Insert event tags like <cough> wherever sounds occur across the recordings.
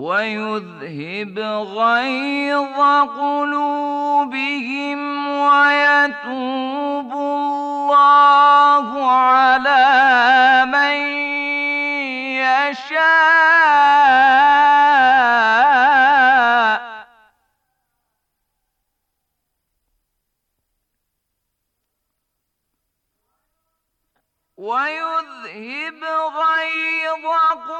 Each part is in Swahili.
ويذهب غيظ قلوبهم ويتوب الله على من يشاء ويذهب غيظ قلوبهم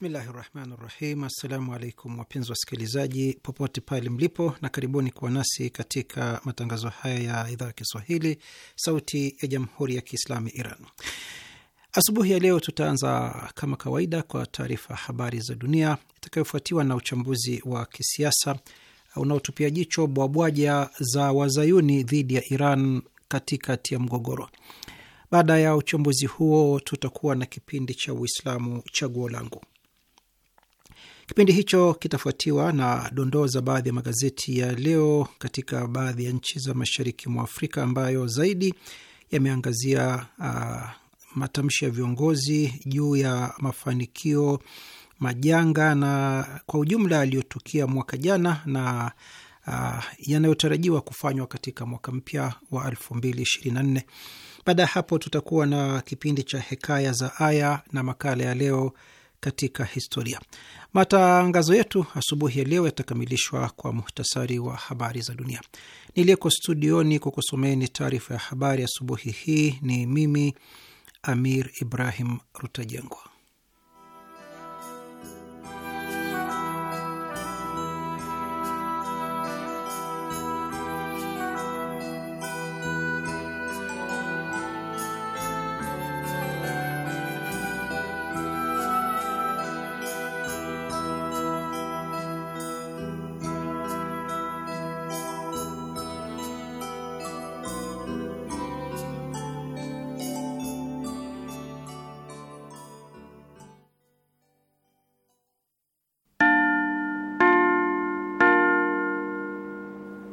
Bismillahi rahmani rahim. Assalamu alaikum wapenzi wasikilizaji popote pale mlipo, na karibuni kuwa nasi katika matangazo haya ya idhaa ya Kiswahili sauti ya jamhuri ya Kiislamu Iran. Asubuhi ya leo tutaanza kama kawaida kwa taarifa habari za dunia itakayofuatiwa na uchambuzi wa kisiasa unaotupia jicho bwabwaja za wazayuni dhidi ya Iran katikati ya mgogoro. Baada ya uchambuzi huo, tutakuwa na kipindi cha Uislamu chaguo langu. Kipindi hicho kitafuatiwa na dondoo za baadhi ya magazeti ya leo katika baadhi ya nchi za mashariki mwa Afrika ambayo zaidi yameangazia uh, matamshi ya viongozi juu ya mafanikio, majanga na kwa ujumla yaliyotukia mwaka jana na uh, yanayotarajiwa kufanywa katika mwaka mpya wa 2024. Baada ya hapo tutakuwa na kipindi cha Hekaya za Aya na makala ya leo katika historia. Matangazo yetu asubuhi ya leo yatakamilishwa kwa muhtasari wa habari za dunia. Niliyeko studioni kukusomeni taarifa ya habari asubuhi hii ni mimi Amir Ibrahim Rutajengwa.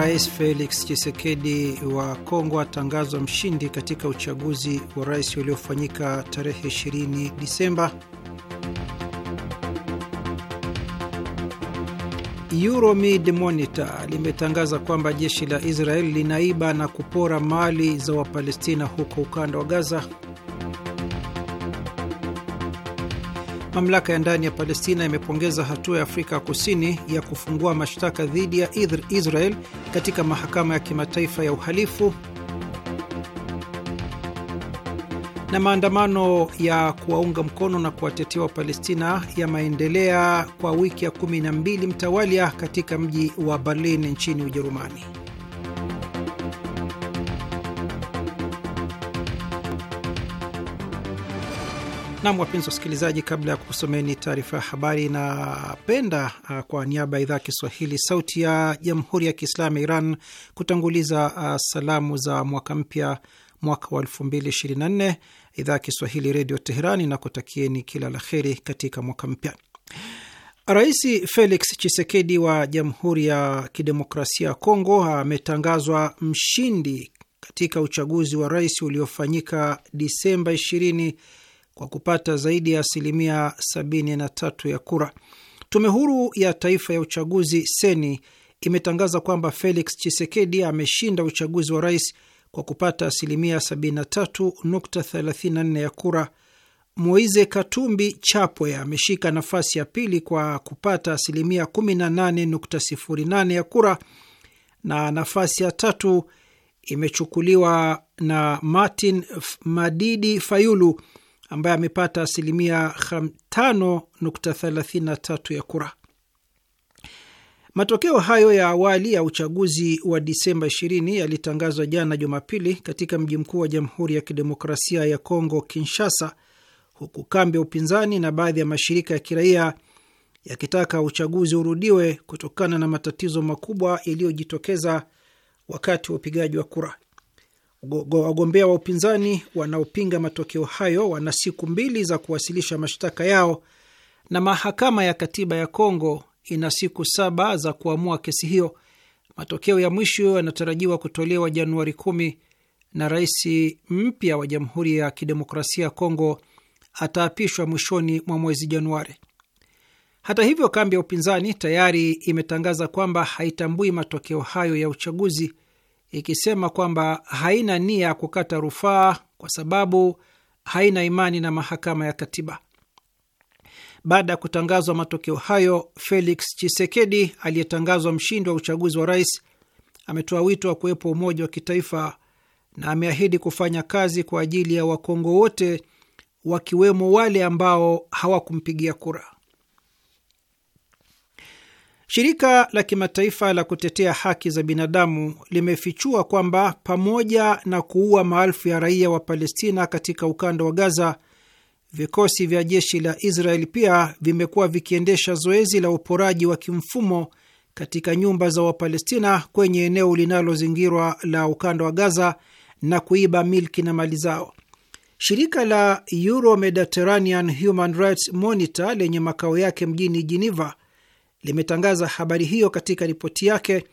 Rais Felix chisekedi wa Kongo atangazwa mshindi katika uchaguzi wa rais uliofanyika tarehe 20 Disemba. Euromid Monitor limetangaza kwamba jeshi la israel linaiba na kupora mali za Wapalestina huko ukanda wa Gaza. mamlaka ya ndani ya Palestina imepongeza hatua ya Afrika Kusini ya kufungua mashtaka dhidi ya Israel katika mahakama ya kimataifa ya uhalifu. Na maandamano ya kuwaunga mkono na kuwatetea Wapalestina yameendelea kwa wiki ya 12 mtawalia katika mji wa Berlin nchini Ujerumani. Nam, wapenzi wasikilizaji, kabla ya kusomeni taarifa ya habari, napenda uh, kwa niaba ya idhaa ya Kiswahili sauti ya jamhuri ya Kiislamu ya Iran kutanguliza uh, salamu za mwaka mpya, mwaka wa 2024. Idhaa ya Kiswahili Redio Teherani na kutakieni kila la heri katika mwaka mpya. Rais Felix Chisekedi wa Jamhuri ya Kidemokrasia ya Kongo ametangazwa mshindi katika uchaguzi wa rais uliofanyika Disemba kwa kupata zaidi ya asilimia 73 ya kura. Tume huru ya taifa ya uchaguzi seni imetangaza kwamba Felix Chisekedi ameshinda uchaguzi wa rais kwa kupata asilimia 73.34 ya kura. Moise Katumbi Chapwe ameshika nafasi ya pili kwa kupata asilimia 18.08 ya kura, na nafasi ya tatu imechukuliwa na Martin Madidi Fayulu ambaye amepata asilimia 5.33 ya kura. Matokeo hayo ya awali ya uchaguzi wa Disemba 20 yalitangazwa jana Jumapili katika mji mkuu wa Jamhuri ya Kidemokrasia ya Kongo, Kinshasa, huku kambi ya upinzani na baadhi ya mashirika ya kiraia yakitaka uchaguzi urudiwe kutokana na matatizo makubwa yaliyojitokeza wakati wa upigaji wa kura. Wagombea wa upinzani wanaopinga matokeo hayo wana siku mbili za kuwasilisha mashtaka yao na mahakama ya katiba ya Kongo ina siku saba za kuamua kesi hiyo. Matokeo ya mwisho yanatarajiwa kutolewa Januari kumi na rais mpya wa Jamhuri ya Kidemokrasia ya Kongo ataapishwa mwishoni mwa mwezi Januari. Hata hivyo, kambi ya upinzani tayari imetangaza kwamba haitambui matokeo hayo ya uchaguzi ikisema kwamba haina nia ya kukata rufaa kwa sababu haina imani na mahakama ya katiba. Baada ya kutangazwa matokeo hayo, Felix Chisekedi aliyetangazwa mshindi wa uchaguzi wa rais ametoa wito wa kuwepo umoja wa kitaifa na ameahidi kufanya kazi kwa ajili ya Wakongo wote wakiwemo wale ambao hawakumpigia kura. Shirika la kimataifa la kutetea haki za binadamu limefichua kwamba pamoja na kuua maelfu ya raia wa Palestina katika ukanda wa Gaza, vikosi vya jeshi la Israeli pia vimekuwa vikiendesha zoezi la uporaji wa kimfumo katika nyumba za Wapalestina kwenye eneo linalozingirwa la ukanda wa Gaza na kuiba milki na mali zao. Shirika la Euro Mediterranean Human Rights Monitor lenye makao yake mjini Geneva limetangaza habari hiyo katika ripoti yake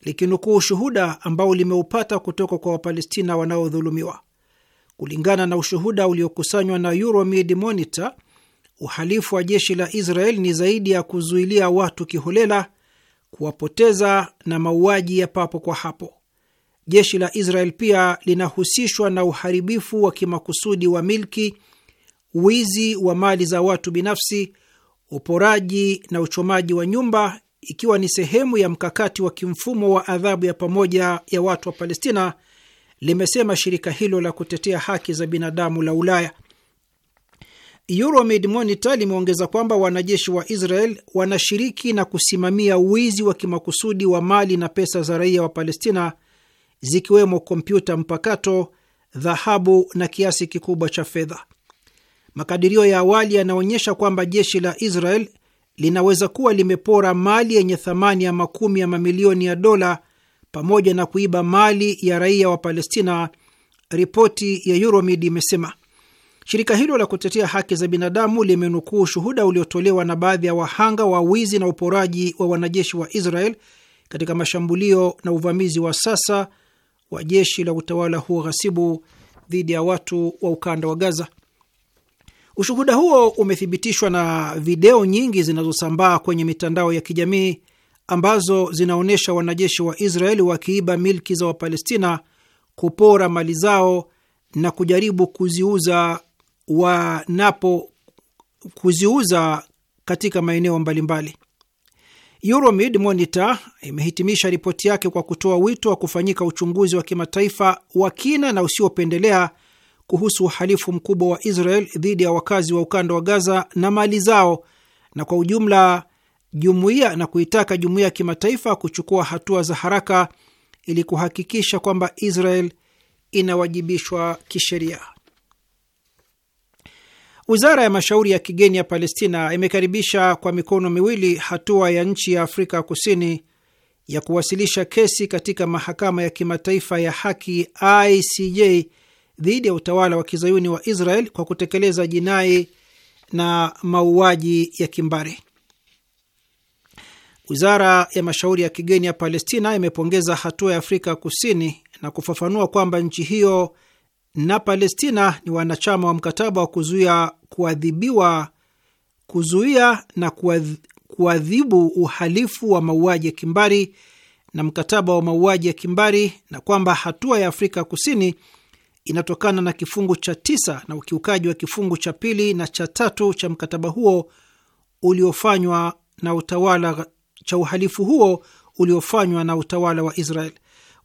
likinukuu ushuhuda ambao limeupata kutoka kwa Wapalestina wanaodhulumiwa. Kulingana na ushuhuda uliokusanywa na Euromed Monitor, uhalifu wa jeshi la Israel ni zaidi ya kuzuilia watu kiholela, kuwapoteza na mauaji ya papo kwa hapo. Jeshi la Israel pia linahusishwa na uharibifu wa kimakusudi wa milki, wizi wa mali za watu binafsi uporaji na uchomaji wa nyumba, ikiwa ni sehemu ya mkakati wa kimfumo wa adhabu ya pamoja ya watu wa Palestina, limesema shirika hilo la kutetea haki za binadamu la Ulaya. Euromed Monitor limeongeza kwamba wanajeshi wa Israel wanashiriki na kusimamia wizi wa kimakusudi wa mali na pesa za raia wa Palestina, zikiwemo kompyuta mpakato, dhahabu na kiasi kikubwa cha fedha. Makadirio ya awali yanaonyesha kwamba jeshi la Israel linaweza kuwa limepora mali yenye thamani ya makumi ya mamilioni ya dola pamoja na kuiba mali ya raia wa Palestina, ripoti ya Euromid imesema. Shirika hilo la kutetea haki za binadamu limenukuu shuhuda uliotolewa na baadhi ya wahanga wa wizi na uporaji wa wanajeshi wa Israel katika mashambulio na uvamizi wa sasa wa jeshi la utawala huo ghasibu dhidi ya watu wa ukanda wa Gaza. Ushuhuda huo umethibitishwa na video nyingi zinazosambaa kwenye mitandao ya kijamii ambazo zinaonyesha wanajeshi wa Israeli wakiiba milki za Wapalestina, kupora mali zao na kujaribu kuziuza wanapo kuziuza katika maeneo mbalimbali. Euromed Monitor imehitimisha ripoti yake kwa kutoa wito wa kufanyika uchunguzi wa kimataifa wa kina na usiopendelea kuhusu uhalifu mkubwa wa Israel dhidi ya wakazi wa ukanda wa Gaza na mali zao na kwa ujumla jumuiya na kuitaka jumuiya ya kimataifa kuchukua hatua za haraka ili kuhakikisha kwamba Israel inawajibishwa kisheria. Wizara ya mashauri ya kigeni ya Palestina imekaribisha kwa mikono miwili hatua ya nchi ya Afrika Kusini ya kuwasilisha kesi katika mahakama ya kimataifa ya haki ICJ dhidi ya utawala wa kizayuni wa Israel kwa kutekeleza jinai na mauaji ya kimbari. Wizara ya mashauri ya kigeni ya Palestina imepongeza hatua ya Afrika Kusini na kufafanua kwamba nchi hiyo na Palestina ni wanachama wa mkataba wa kuzuia kuadhibiwa, kuzuia na kuadhibu uhalifu wa mauaji ya kimbari na mkataba wa mauaji ya kimbari, na kwamba hatua ya Afrika Kusini inatokana na kifungu cha tisa na ukiukaji wa kifungu cha pili na cha tatu cha mkataba huo uliofanywa na utawala cha uhalifu huo uliofanywa na utawala wa Israel.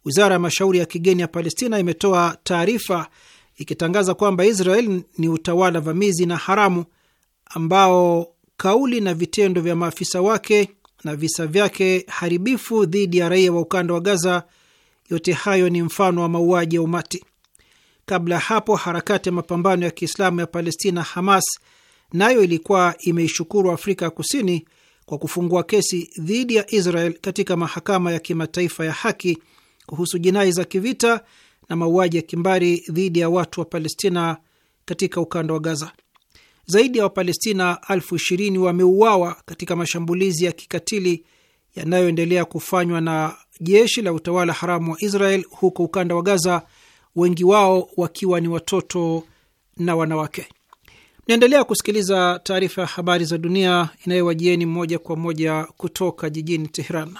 Wizara ya mashauri ya kigeni ya Palestina imetoa taarifa ikitangaza kwamba Israel ni utawala vamizi na haramu ambao kauli na vitendo vya maafisa wake na visa vyake haribifu dhidi ya raia wa ukanda wa Gaza, yote hayo ni mfano wa mauaji ya umati. Kabla ya hapo, harakati ya mapambano ya Kiislamu ya Palestina, Hamas, nayo ilikuwa imeishukuru Afrika ya Kusini kwa kufungua kesi dhidi ya Israel katika mahakama ya kimataifa ya haki kuhusu jinai za kivita na mauaji ya kimbari dhidi ya watu wa Palestina katika ukanda wa Gaza. Zaidi ya Wapalestina elfu ishirini wameuawa katika mashambulizi ya kikatili yanayoendelea kufanywa na jeshi la utawala haramu wa Israel huko ukanda wa Gaza wengi wao wakiwa ni watoto na wanawake. Mnaendelea kusikiliza taarifa ya habari za dunia inayowajieni moja kwa moja kutoka jijini Teheran.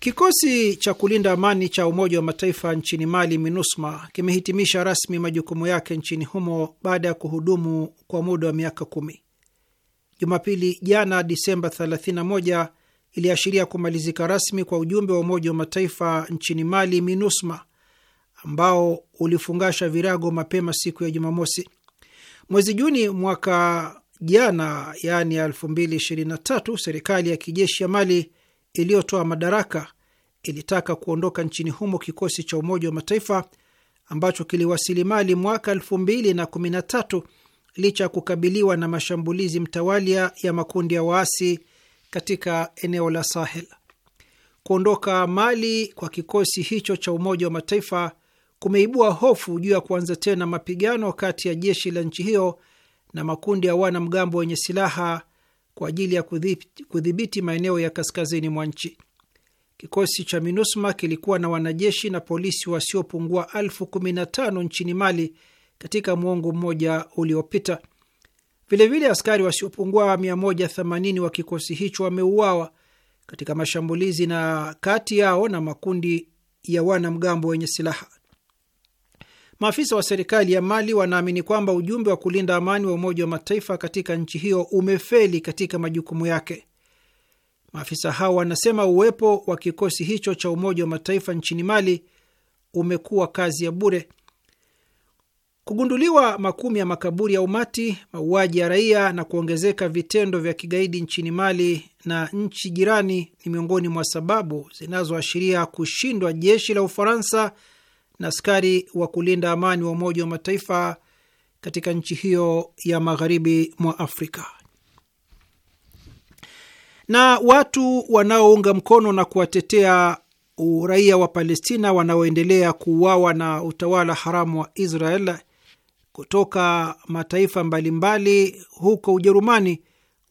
Kikosi cha kulinda amani cha Umoja wa Mataifa nchini Mali, MINUSMA, kimehitimisha rasmi majukumu yake nchini humo baada ya kuhudumu kwa muda wa miaka kumi. Jumapili jana Disemba iliashiria kumalizika rasmi kwa ujumbe wa Umoja wa Mataifa nchini Mali, MINUSMA, ambao ulifungasha virago mapema siku ya Jumamosi. Mwezi Juni mwaka jana, yaani 2023, serikali ya kijeshi ya Mali iliyotoa madaraka ilitaka kuondoka nchini humo kikosi cha Umoja wa Mataifa ambacho kiliwasili Mali mwaka 2013 licha ya kukabiliwa na mashambulizi mtawalia ya makundi ya waasi katika eneo la Sahel. Kuondoka Mali kwa kikosi hicho cha Umoja wa Mataifa kumeibua hofu juu ya kuanza tena mapigano kati ya jeshi la nchi hiyo na makundi ya wanamgambo wenye silaha kwa ajili ya kudhibiti maeneo ya kaskazini mwa nchi. Kikosi cha MINUSMA kilikuwa na wanajeshi na polisi wasiopungua elfu kumi na tano nchini Mali katika mwongo mmoja uliopita. Vilevile, askari wasiopungua 180 wa kikosi hicho wameuawa katika mashambulizi na kati yao na makundi ya wanamgambo wenye silaha. Maafisa wa serikali ya Mali wanaamini kwamba ujumbe wa kulinda amani wa Umoja wa Mataifa katika nchi hiyo umefeli katika majukumu yake. Maafisa hao wanasema uwepo wa kikosi hicho cha Umoja wa Mataifa nchini Mali umekuwa kazi ya bure Kugunduliwa makumi ya makaburi ya umati, mauaji ya raia na kuongezeka vitendo vya kigaidi nchini Mali na nchi jirani ni miongoni mwa sababu zinazoashiria kushindwa jeshi la Ufaransa na askari wa kulinda amani wa Umoja wa Mataifa katika nchi hiyo ya magharibi mwa Afrika. Na watu wanaounga mkono na kuwatetea raia wa Palestina wanaoendelea kuuawa na utawala haramu wa Israel kutoka mataifa mbalimbali huko Ujerumani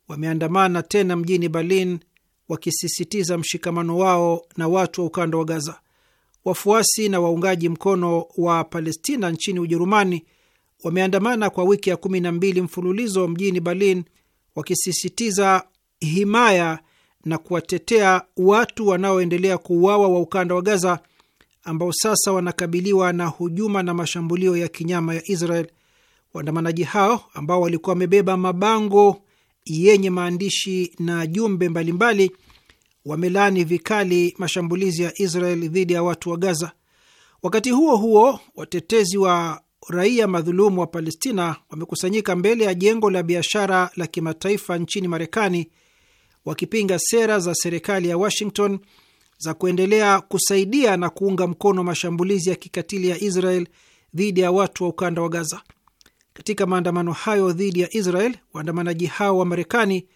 wameandamana tena mjini Berlin wakisisitiza mshikamano wao na watu wa ukanda wa Gaza. Wafuasi na waungaji mkono wa Palestina nchini Ujerumani wameandamana kwa wiki ya kumi na mbili mfululizo mjini Berlin wakisisitiza himaya na kuwatetea watu wanaoendelea kuuawa wa ukanda wa Gaza ambao sasa wanakabiliwa na hujuma na mashambulio ya kinyama ya Israel. Waandamanaji hao ambao walikuwa wamebeba mabango yenye maandishi na jumbe mbalimbali wamelaani vikali mashambulizi ya Israel dhidi ya watu wa Gaza. Wakati huo huo, watetezi wa raia madhulumu wa Palestina wamekusanyika mbele ya jengo la biashara la kimataifa nchini Marekani wakipinga sera za serikali ya Washington za kuendelea kusaidia na kuunga mkono mashambulizi ya kikatili ya Israel dhidi ya watu wa ukanda wa Gaza. Katika maandamano hayo dhidi ya Israel, waandamanaji hao wa Marekani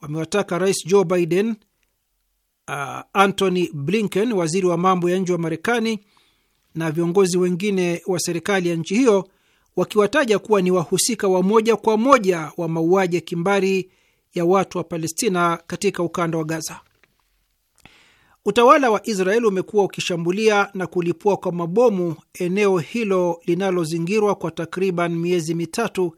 wamewataka Rais Joe Biden, uh, Antony Blinken, waziri wa mambo ya nje wa Marekani, na viongozi wengine wa serikali ya nchi hiyo, wakiwataja kuwa ni wahusika wa moja kwa moja wa mauaji ya kimbari ya watu wa Palestina katika ukanda wa Gaza. Utawala wa Israeli umekuwa ukishambulia na kulipua kwa mabomu eneo hilo linalozingirwa kwa takriban miezi mitatu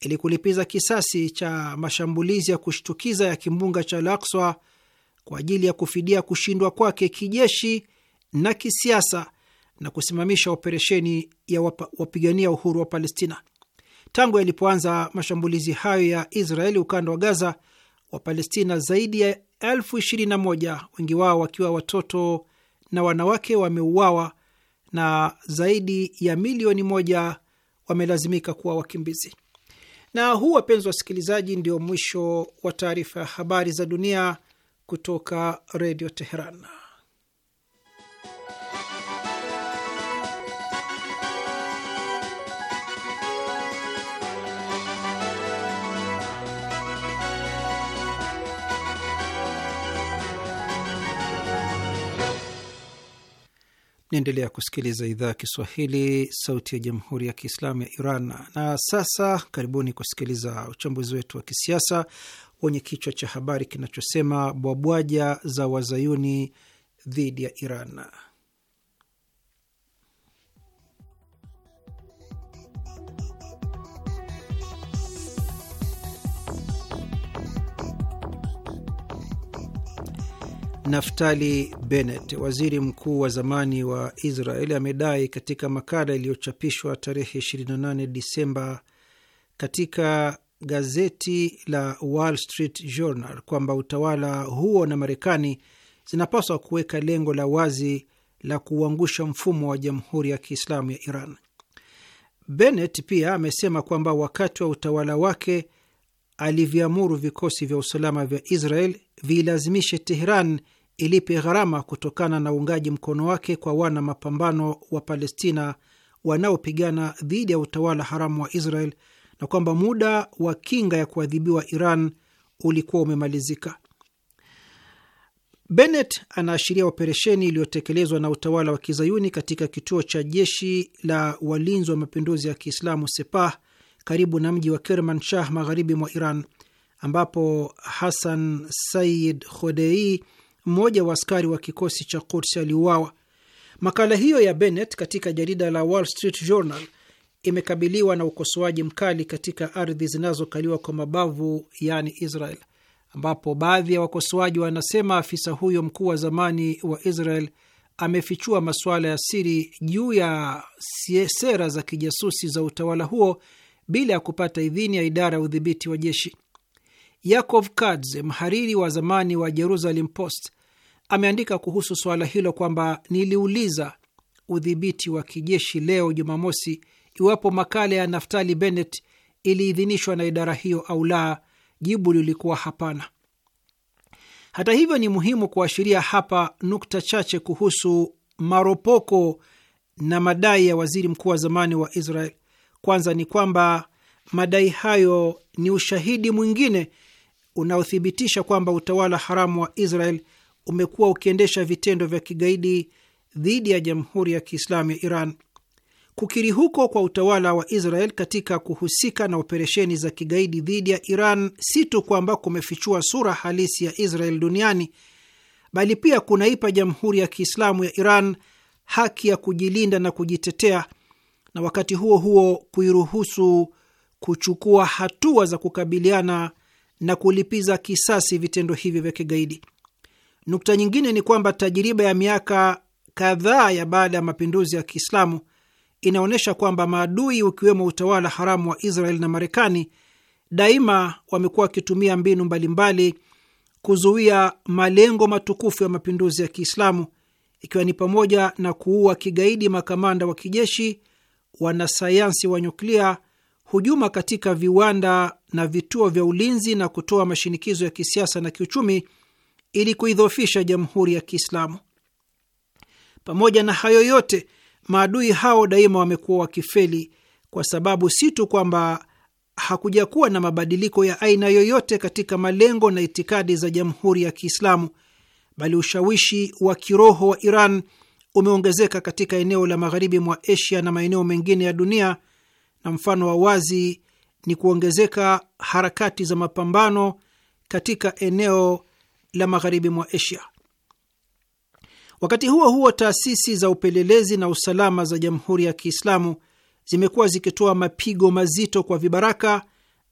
ili kulipiza kisasi cha mashambulizi ya kushtukiza ya kimbunga cha Al-Aqsa kwa ajili ya kufidia kushindwa kwake kijeshi na kisiasa na kusimamisha operesheni ya wapigania uhuru wa Palestina. Tangu yalipoanza mashambulizi hayo ya Israeli ukanda wa Gaza, Wapalestina zaidi ya elfu ishirini na moja, wengi wao wakiwa watoto na wanawake wameuawa na zaidi ya milioni moja wamelazimika kuwa wakimbizi. Na huu, wapenzi wa wasikilizaji, ndio mwisho wa taarifa ya habari za dunia kutoka Redio Teheran. Naendelea kusikiliza idhaa ya Kiswahili, sauti ya jamhuri ya kiislamu ya Iran. Na sasa karibuni kusikiliza uchambuzi wetu wa kisiasa wenye kichwa cha habari kinachosema bwabwaja za wazayuni dhidi ya Iran. Naftali Bennett, waziri mkuu wa zamani wa Israeli, amedai katika makala iliyochapishwa tarehe 28 Disemba katika gazeti la Wall Street Journal kwamba utawala huo na Marekani zinapaswa kuweka lengo la wazi la kuuangusha mfumo wa Jamhuri ya Kiislamu ya Iran. Bennett pia amesema kwamba wakati wa utawala wake alivyoamuru vikosi vya usalama vya Israel viilazimishe Teheran ilipe gharama kutokana na uungaji mkono wake kwa wana mapambano wa Palestina wanaopigana dhidi ya utawala haramu wa Israel na kwamba muda wa kinga ya kuadhibiwa Iran ulikuwa umemalizika. Bennett anaashiria operesheni iliyotekelezwa na utawala wa kizayuni katika kituo cha jeshi la walinzi wa mapinduzi ya Kiislamu Sepah karibu na mji wa Kermanshah magharibi mwa Iran, ambapo Hasan Said Hodei, mmoja wa askari wa kikosi cha Quds, aliuawa. Makala hiyo ya Bennett katika jarida la Wall Street Journal imekabiliwa na ukosoaji mkali katika ardhi zinazokaliwa kwa mabavu yaani Israel, ambapo baadhi ya wakosoaji wanasema afisa huyo mkuu wa zamani wa Israel amefichua masuala ya siri juu ya sera za kijasusi za utawala huo bila ya kupata idhini ya idara ya udhibiti wa jeshi. Yakov Katz, mhariri wa zamani wa Jerusalem Post, ameandika kuhusu suala hilo kwamba niliuliza udhibiti wa kijeshi leo Jumamosi iwapo makala ya Naftali Bennett iliidhinishwa na idara hiyo au la. Jibu lilikuwa hapana. Hata hivyo, ni muhimu kuashiria hapa nukta chache kuhusu maropoko na madai ya waziri mkuu wa zamani wa Israel. Kwanza ni kwamba madai hayo ni ushahidi mwingine unaothibitisha kwamba utawala haramu wa Israel umekuwa ukiendesha vitendo vya kigaidi dhidi ya Jamhuri ya Kiislamu ya Iran. Kukiri huko kwa utawala wa Israel katika kuhusika na operesheni za kigaidi dhidi ya Iran si tu kwamba kumefichua sura halisi ya Israel duniani, bali pia kunaipa Jamhuri ya Kiislamu ya Iran haki ya kujilinda na kujitetea na wakati huo huo kuiruhusu kuchukua hatua za kukabiliana na kulipiza kisasi vitendo hivyo vya kigaidi. Nukta nyingine ni kwamba tajiriba ya miaka kadhaa ya baada ya mapinduzi ya Kiislamu inaonyesha kwamba maadui ukiwemo utawala haramu wa Israel na Marekani daima wamekuwa wakitumia mbinu mbalimbali kuzuia malengo matukufu ya mapinduzi ya Kiislamu, ikiwa ni pamoja na kuua kigaidi makamanda wa kijeshi wanasayansi wa nyuklia, hujuma katika viwanda na vituo vya ulinzi na kutoa mashinikizo ya kisiasa na kiuchumi ili kuidhofisha Jamhuri ya Kiislamu. Pamoja na hayo yote, maadui hao daima wamekuwa wakifeli, kwa sababu si tu kwamba hakuja kuwa na mabadiliko ya aina yoyote katika malengo na itikadi za Jamhuri ya Kiislamu, bali ushawishi wa kiroho wa Iran umeongezeka katika eneo la magharibi mwa Asia na maeneo mengine ya dunia, na mfano wa wazi ni kuongezeka harakati za mapambano katika eneo la magharibi mwa Asia. Wakati huo huo, taasisi za upelelezi na usalama za Jamhuri ya Kiislamu zimekuwa zikitoa mapigo mazito kwa vibaraka,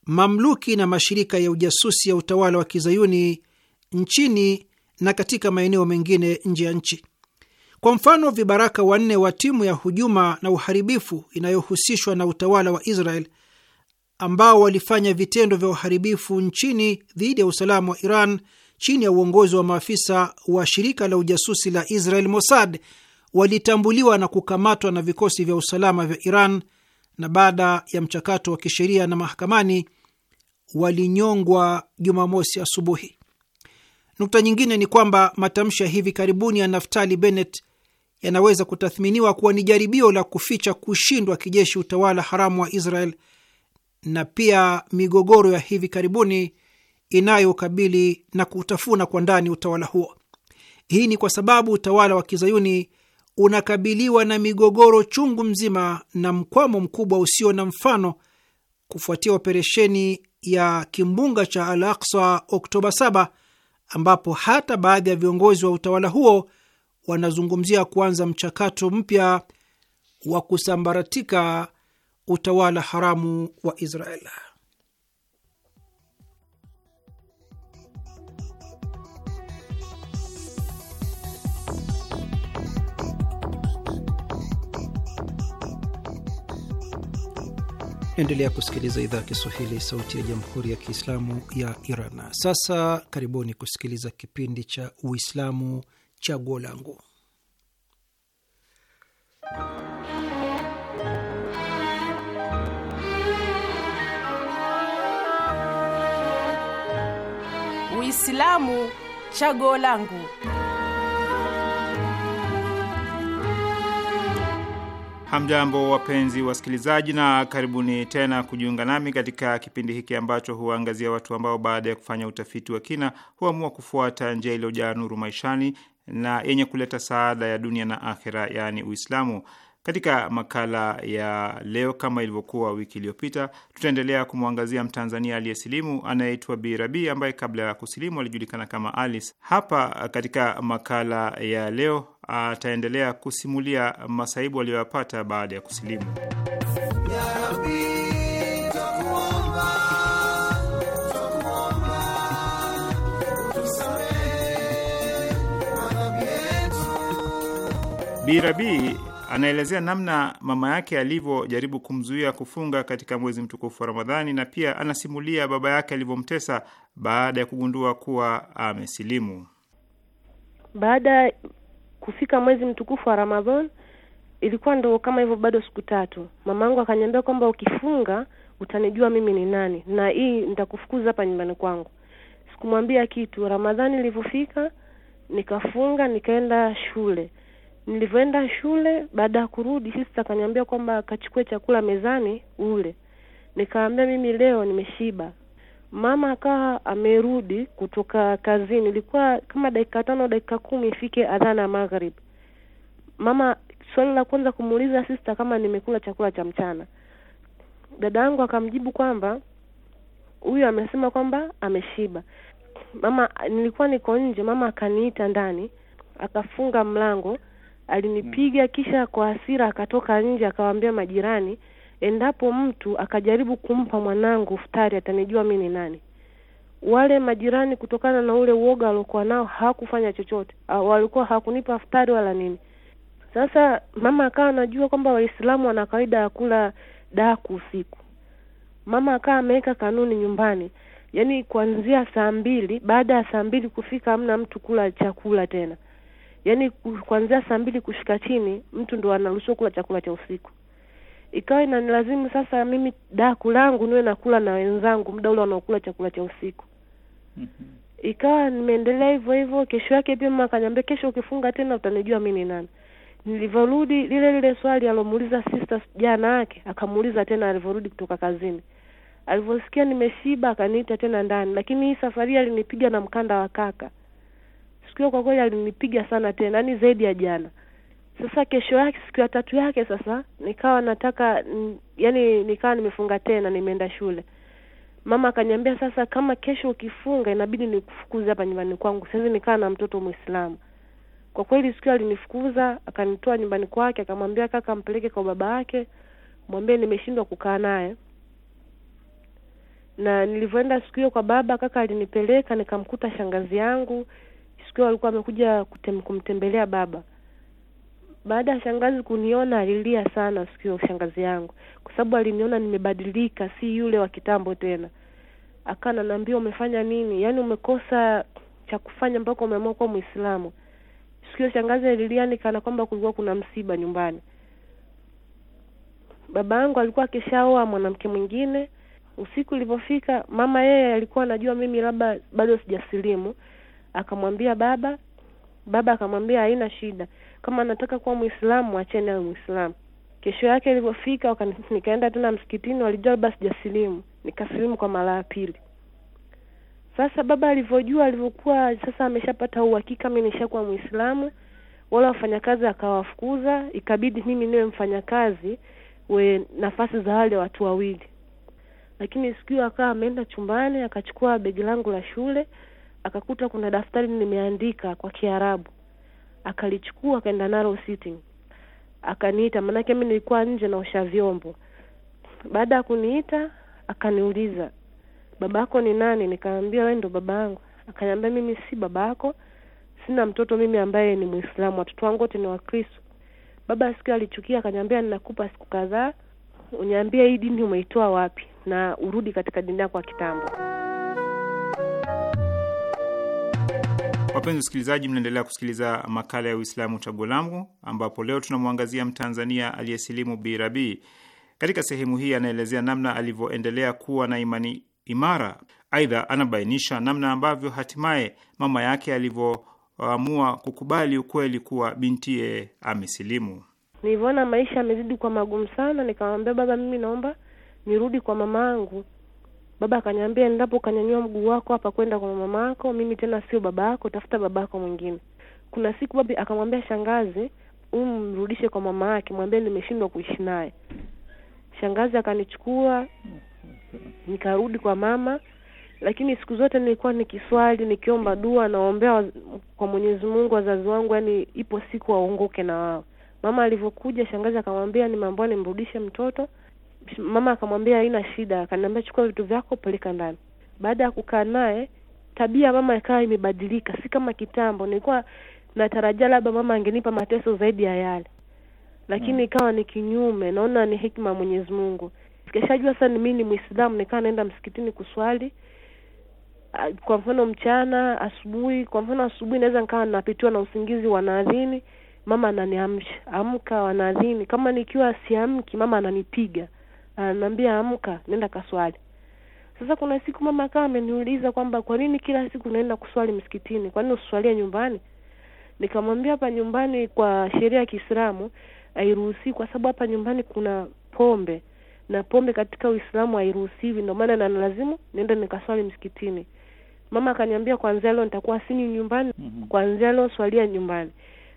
mamluki na mashirika ya ujasusi ya utawala wa Kizayuni nchini na katika maeneo mengine nje ya nchi. Kwa mfano, vibaraka wanne wa timu ya hujuma na uharibifu inayohusishwa na utawala wa Israel ambao walifanya vitendo vya uharibifu nchini dhidi ya usalama wa Iran chini ya uongozi wa maafisa wa shirika la ujasusi la Israel Mossad walitambuliwa na kukamatwa na vikosi vya usalama vya Iran na baada ya mchakato wa kisheria na mahakamani walinyongwa Jumamosi asubuhi. Nukta nyingine ni kwamba matamshi ya hivi karibuni ya Naftali Bennett yanaweza kutathminiwa kuwa ni jaribio la kuficha kushindwa kijeshi utawala haramu wa Israel na pia migogoro ya hivi karibuni inayokabili na kutafuna kwa ndani utawala huo. Hii ni kwa sababu utawala wa kizayuni unakabiliwa na migogoro chungu mzima na mkwamo mkubwa usio na mfano kufuatia operesheni ya kimbunga cha Al Aksa Oktoba 7 ambapo hata baadhi ya viongozi wa utawala huo wanazungumzia kuanza mchakato mpya wa kusambaratika utawala haramu wa Israel. Endelea kusikiliza idhaa ya Kiswahili, sauti ya jamhuri ya kiislamu ya Iran. Sasa karibuni kusikiliza kipindi cha Uislamu chaguo langu. Uislamu chaguo langu. Hamjambo, wapenzi wasikilizaji, na karibuni tena kujiunga nami katika kipindi hiki ambacho huwaangazia watu ambao baada ya kufanya utafiti wa kina huamua kufuata njia iliyojaa nuru maishani na yenye kuleta saada ya dunia na akhira yaani Uislamu. Katika makala ya leo, kama ilivyokuwa wiki iliyopita, tutaendelea kumwangazia Mtanzania aliyesilimu anayeitwa Bi Rabii, ambaye kabla ya kusilimu alijulikana kama Alice. Hapa katika makala ya leo ataendelea kusimulia masaibu aliyoyapata baada ya kusilimu. Birabi anaelezea namna mama yake alivyojaribu kumzuia kufunga katika mwezi mtukufu wa Ramadhani, na pia anasimulia baba yake alivyomtesa baada ya kugundua kuwa amesilimu. Baada ya kufika mwezi mtukufu wa ramadhan ilikuwa ndo kama hivyo, bado siku tatu, mamangu akaniambia kwamba ukifunga utanijua mimi ni nani, na hii nitakufukuza hapa nyumbani kwangu. Sikumwambia kitu. Ramadhani ilivyofika, nikafunga nikaenda shule Nilivyoenda shule, baada ya kurudi, sisi akaniambia kwamba kachukue chakula mezani ule. Nikaambia mimi leo nimeshiba. Mama akawa amerudi kutoka kazini, ilikuwa kama dakika tano dakika kumi ifike adhana ya maghrib Mama swali la kwanza kumuuliza sista kama nimekula chakula cha mchana. Dada yangu akamjibu kwamba huyu amesema kwamba ameshiba. Mama, nilikuwa niko nje, mama akaniita ndani, akafunga mlango alinipiga hmm. kisha kwa hasira akatoka nje akawaambia majirani, endapo mtu akajaribu kumpa mwanangu futari atanijua mi ni nani. Wale majirani kutokana na ule uoga waliokuwa nao hawakufanya chochote, walikuwa hawakunipa futari wala nini. Sasa mama akawa anajua kwamba Waislamu wana kawaida ya kula daku usiku. Mama akawa ameweka kanuni nyumbani, yaani kuanzia saa mbili, baada ya saa mbili kufika hamna mtu kula chakula tena yaani kuanzia saa mbili kushika chini mtu ndo anaruhusiwa kula chakula cha usiku ikawa inanilazimu sasa mimi daku langu niwe nakula na wenzangu muda ule wanaokula chakula cha usiku mm ikawa nimeendelea hivyo hivyo kesho yake pia mama akaniambia kesho ukifunga tena utanijua mimi ni nani nilivyorudi lile lile swali alomuuliza sister jana yake akamuuliza tena alivyorudi kutoka kazini alivyosikia nimeshiba akaniita tena ndani lakini hii safari alinipiga na mkanda wa kaka tukio kwa kweli alinipiga sana tena, yani zaidi ya jana. Sasa kesho yake, siku ya tatu yake, sasa nikawa nataka yani, nikawa nimefunga tena, nimeenda shule. Mama akaniambia sasa, kama kesho ukifunga inabidi nikufukuze hapa nyumbani kwangu. Sasa nikaa na mtoto Muislamu. Kwa kweli siku alinifukuza, akanitoa nyumbani kwake, akamwambia kaka, mpeleke kwa baba yake, mwambie nimeshindwa kukaa naye na nilivyoenda siku hiyo kwa baba, kaka alinipeleka nikamkuta shangazi yangu, sikio alikuwa amekuja kutem, kumtembelea baba. Baada ya shangazi kuniona alilia sana sikio shangazi yangu, kwa sababu aliniona nimebadilika, si yule wa kitambo tena. Akana naambia umefanya nini? Yaani umekosa cha kufanya mpaka umeamua kuwa Muislamu. Sikio shangazi alilia nikana kwamba kulikuwa kuna msiba nyumbani. Baba yangu alikuwa akishaoa mwanamke mwingine. Usiku ulipofika, mama yeye alikuwa anajua mimi labda bado sijasilimu, akamwambia baba baba akamwambia haina shida kama anataka kuwa mwislamu acheni awe mwislamu kesho yake ilivyofika <laughs> nikaenda tena msikitini walijua labda sijasilimu nikasilimu kwa mara ya pili sasa baba alivyojua alivyokuwa sasa ameshapata uhakika mi nishakuwa mwislamu wala wafanyakazi akawafukuza ikabidi mimi niwe mfanyakazi we nafasi za wale watu wawili lakini siku akawa ameenda chumbani akachukua begi langu la shule akakuta kuna daftari nimeandika kwa Kiarabu, akalichukua akaenda nalo sitting, akaniita, maanake mi nilikuwa nje naosha vyombo. Baada ya kuniita akaniuliza, babako ni nani? Nikaambia wewe ndo baba yangu. Akaniambia mimi si babako, sina mtoto mimi ambaye ni Muislamu, watoto wangu wote ni Wakristo. Baba siku alichukia, akaniambia ninakupa siku kadhaa uniambie hii dini umeitoa wapi na urudi katika dini yako ya kitambo. Wapenzi wasikilizaji, mnaendelea kusikiliza makala ya Uislamu Chaguo Langu, ambapo leo tunamwangazia Mtanzania aliyesilimu Birabii. Katika sehemu hii anaelezea namna alivyoendelea kuwa na imani imara. Aidha, anabainisha namna ambavyo hatimaye mama yake alivyoamua kukubali ukweli kuwa bintiye amesilimu. Nilivyoona maisha yamezidi kwa magumu sana, nikamwambia baba, mimi naomba nirudi kwa mama angu Baba akaniambia endapo ukanyanyua mguu wako hapa kwenda kwa mama yako, mimi tena sio baba yako, tafuta baba yako mwingine. Kuna siku babi akamwambia shangazi, umrudishe kwa mama yake, mwambie nimeshindwa kuishi naye. Shangazi akanichukua nikarudi kwa mama, lakini siku zote nilikuwa nikiswali, nikiomba dua, naombea kwa Mwenyezi Mungu wazazi wangu, yani ipo siku waongoke na wao. Mama alivyokuja, shangazi akamwambia nimeambiwa nimrudishe mtoto mama akamwambia haina shida, akaniambia chukua vitu vyako peleka ndani. Baada ya kukaa naye, tabia mama ikawa imebadilika, si kama kitambo. Nilikuwa natarajia labda mama angenipa mateso zaidi ya yale, lakini hmm. ikawa ni kinyume. Naona ni hikma ya Mwenyezi Mungu. Kishajua sasa mimi ni Muislamu, nikawa naenda msikitini kuswali kwa mfano mchana, asubuhi. Kwa mfano asubuhi naweza nikawa napitiwa na usingizi, wanaadhini, mama ananiamsha, amka, wanaadhini. Kama nikiwa siamki, mama ananipiga ananiambia amka, nenda kaswali. Sasa kuna siku mama akawa ameniuliza kwamba kwa nini kila siku unaenda kuswali msikitini, kwa nini usiswalie nyumbani? Nikamwambia hapa nyumbani kwa sheria ya Kiislamu hairuhusi, kwa sababu hapa nyumbani kuna pombe na pombe katika Uislamu hairuhusiwi, ndio maana lazima niende nikaswali msikitini. Mama akaniambia kwanzia leo nitakuwa sini nyumbani, mhm. kwanzia leo swalia nyumbani,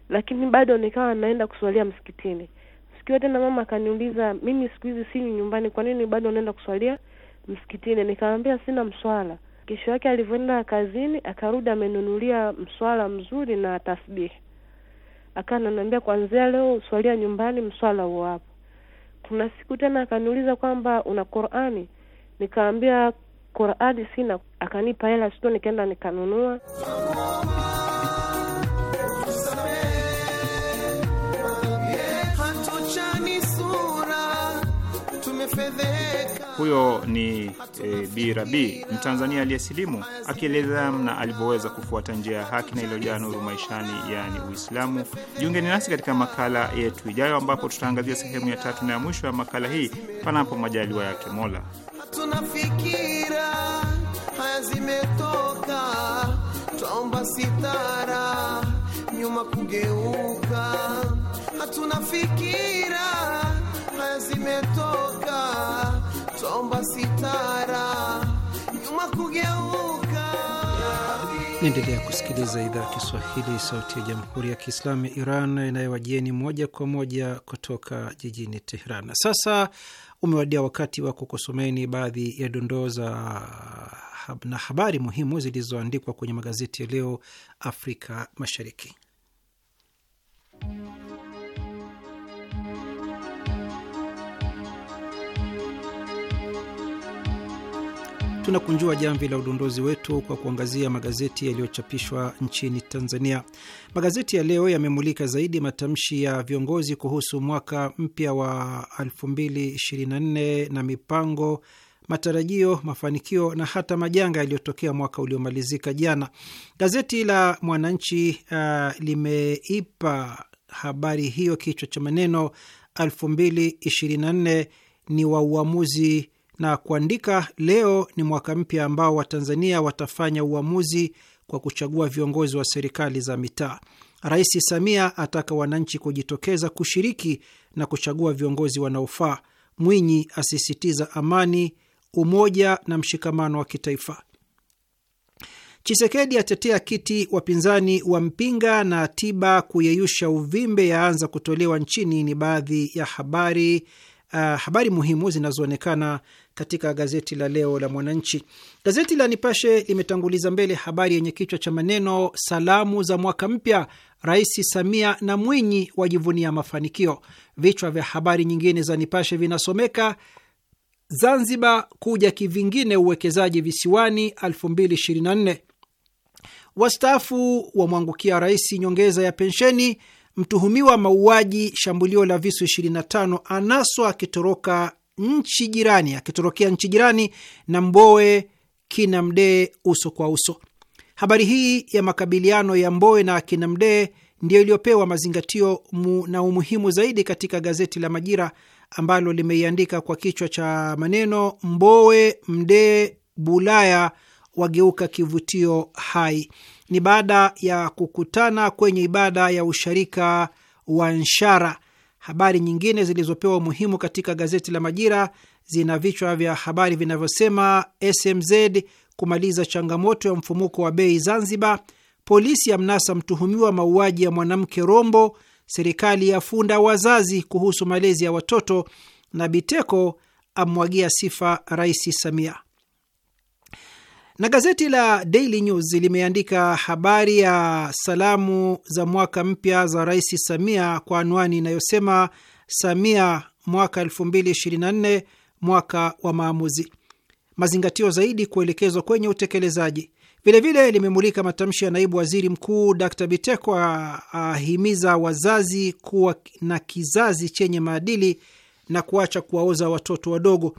lakini bado nikawa naenda kuswalia msikitini sikio tena mama akaniuliza, mimi siku hizi sinywi nyumbani, kwa nini bado unaenda kuswalia msikitini? Nikamwambia sina mswala. Kesho yake alivyoenda kazini, akarudi amenunulia mswala mzuri na tasbihi, akananiambia kwanzia leo swalia nyumbani mswala huo hapo. Kuna siku tena akaniuliza kwamba una Qur'ani, nikaambia Qur'ani sina. Akanipa hela sio, nikaenda nikanunua Huyo ni e, eh, Bi Rabi, Mtanzania aliyesilimu akieleza namna alivyoweza kufuata njia ya haki na iliyojaa nuru maishani, yaani Uislamu. Jiungeni nasi katika makala yetu ijayo, ambapo tutaangazia sehemu ya tatu na ya mwisho ya makala hii, panapo majaliwa yake Mola. Tunafikira haya zimetoka, twaomba sitara nyuma kugeuka, hatuna fikira haya zimetoka endelea kusikiliza idhaa ya Kiswahili, sauti ya jamhuri ya kiislamu ya Iran inayowajieni moja kwa moja kutoka jijini Teheran. Sasa umewadia wakati wa kukusomeni baadhi ya dondoo za na habari muhimu zilizoandikwa kwenye magazeti ya leo Afrika Mashariki. Tunakunjua jamvi la udondozi wetu kwa kuangazia magazeti yaliyochapishwa nchini Tanzania. Magazeti ya leo yamemulika zaidi matamshi ya viongozi kuhusu mwaka mpya wa 2024 na mipango, matarajio, mafanikio na hata majanga yaliyotokea mwaka uliomalizika jana. Gazeti la Mwananchi uh, limeipa habari hiyo kichwa cha maneno 2024 ni wa uamuzi na kuandika, leo ni mwaka mpya ambao Watanzania watafanya uamuzi kwa kuchagua viongozi wa serikali za mitaa. Rais Samia ataka wananchi kujitokeza kushiriki na kuchagua viongozi wanaofaa. Mwinyi asisitiza amani, umoja na mshikamano wa kitaifa. Chisekedi atetea kiti, wapinzani wa mpinga na tiba kuyeyusha uvimbe yaanza kutolewa nchini. Ni baadhi ya habari, uh, habari muhimu zinazoonekana katika gazeti la leo la Mwananchi. Gazeti la Nipashe limetanguliza mbele habari yenye kichwa cha maneno salamu za mwaka mpya, Rais Samia na Mwinyi wajivunia mafanikio. Vichwa vya habari nyingine za Nipashe vinasomeka Zanzibar kuja kivingine, uwekezaji visiwani 2024 wastaafu wamwangukia rais nyongeza ya pensheni, mtuhumiwa mauaji shambulio la visu 25 anaswa akitoroka nchi jirani, akitorokea nchi jirani na Mbowe kina Mdee uso kwa uso. Habari hii ya makabiliano ya Mbowe na kina Mdee ndiyo iliyopewa mazingatio na umuhimu zaidi katika gazeti la Majira ambalo limeiandika kwa kichwa cha maneno Mbowe Mdee Bulaya wageuka kivutio hai. Ni baada ya kukutana kwenye ibada ya usharika wa Nshara Habari nyingine zilizopewa umuhimu katika gazeti la Majira zina vichwa vya habari vinavyosema: SMZ kumaliza changamoto ya mfumuko wa bei Zanzibar, polisi ya mnasa mtuhumiwa mauaji ya mwanamke Rombo, serikali yafunda wazazi kuhusu malezi ya watoto, na Biteko amwagia sifa Rais Samia. Na gazeti la Daily News limeandika habari ya salamu za mwaka mpya za Rais Samia kwa anwani inayosema Samia mwaka 2024 mwaka wa maamuzi, mazingatio zaidi kuelekezwa kwenye utekelezaji. Vilevile limemulika matamshi ya naibu waziri mkuu Dr Biteko ahimiza wazazi kuwa na kizazi chenye maadili na kuacha kuwaoza watoto wadogo.